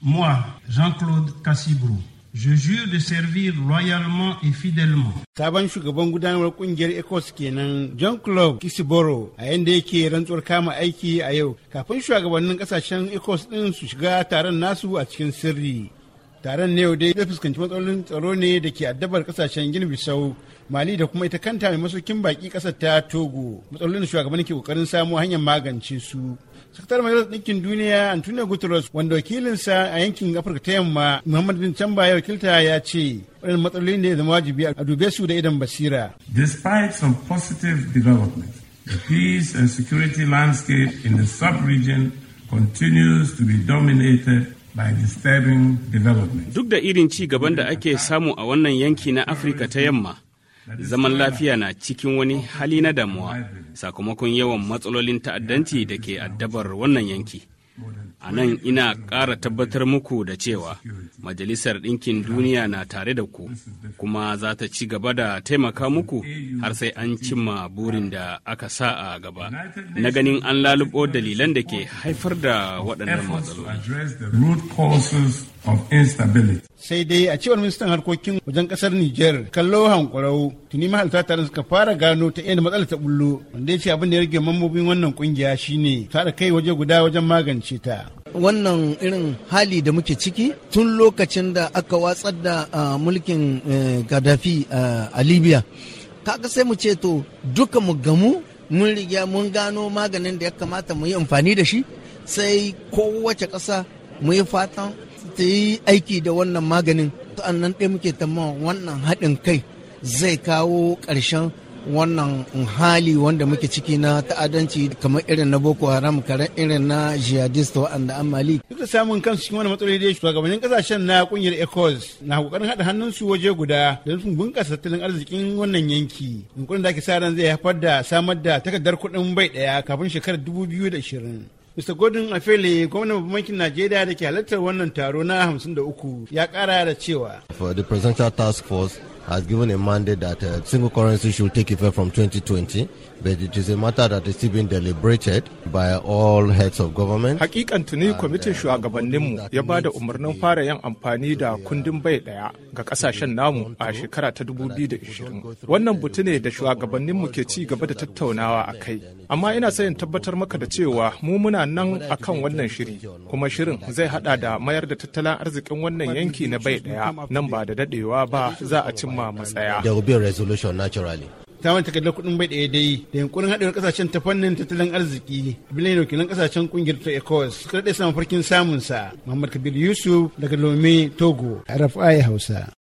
Moi, Jean-Claude Cassibrou, Je jure de servir loyalement et fidèlement. Sabon shugaban gudanar kungiyar ECOS kenan John Club Kisiboro a yadda yake rantsuwar kama aiki a yau kafin shugabannin kasashen ECOS din su shiga taron nasu a cikin sirri. taron yaudai yau dai fuskanci matsalolin tsaro ne da ke addabar kasashen gini bisau mali da kuma ita kanta mai masaukin baki kasar ta togo matsalolin da shugaban ke kokarin samo hanyar magance su sakatar majalisar ɗinkin duniya antonio guterres wanda wakilinsa a yankin afirka ta yamma muhammad bin chamba ya wakilta ya ce waɗannan matsalolin ne zama wajibi a dube su da idan basira despite some positive development the peace and security landscape in the sub-region continues to be dominated Duk da irin ci gaban da ake samu a wannan yanki na Afirka ta yamma, zaman lafiya na cikin wani hali na damuwa sakamakon yawan matsalolin ta'addanci da ke addabar wannan yanki. A nan ina ƙara tabbatar muku da cewa Majalisar Ɗinkin Duniya na tare da ku, kuma za ta ci gaba da taimaka muku har sai an cimma burin da aka sa a gaba. Na ganin an lalubo dalilan da ke haifar da waɗannan matsaloli. sai dai a cewar ministan harkokin wajen kasar Nijar kallo hankurau tuni mahalta taron suka fara gano ta inda matsalar ta bullo wanda ya ce abin da ya rage mambobin wannan kungiya shine tare kai waje guda wajen magance ta wannan irin hali da muke ciki tun lokacin da aka watsar da mulkin e, Gaddafi a Libya kaga sai mu ce to duka mu gamu mun riga mun gano maganin da ya kamata mu yi amfani da shi sai kowace ƙasa mu yi fatan ta yi aiki da wannan maganin an nan ɗaya muke tamma wannan haɗin kai zai kawo ƙarshen wannan hali wanda muke ciki na ta'adanci kamar irin na boko haram karen irin na jihadist wa'anda an mali duk da samun kansu cikin wani matsaloli da shugabannin kasashen na kungiyar ecos na kokarin haɗa hannun su waje guda da nufin bunƙasa tattalin arzikin wannan yanki yunkurin da ake sa ran zai haifar da samar da takardar kuɗin bai ɗaya kafin shekarar 2020 Mr. Gordon Afele, gwamnan bankin Najeriya da ke halartar wannan taro na 53 ya kara da cewa. For the presidential task force has given a mandate that a single currency should take effect from 2020, but it is a matter that is still being deliberated by all heads of government. Hakikan tuni uh, kwamitin shugabanninmu ya ba da umarnin fara yin amfani da kundin bai daya ga kasashen namu a shekara ta 2020. Wannan butu ne da shugabanninmu ke ci gaba da tattaunawa a kai. Amma ina sayin tabbatar maka da cewa mu muna nan akan wannan shiri, kuma shirin zai hada da mayar da tattalin arzikin wannan yanki na bai daya nan ba da dadewa ba za a cimma cimma matsaya. There will be resolution naturally. ta wani takardar kuɗin bai ɗaya dai da yunkurin haɗewar ƙasashen ta fannin tattalin arziki biliyan wakilan ƙasashen ƙungiyar ta ecos suka daɗe samun farkin samunsa muhammad kabir yusuf daga lome togo rfi hausa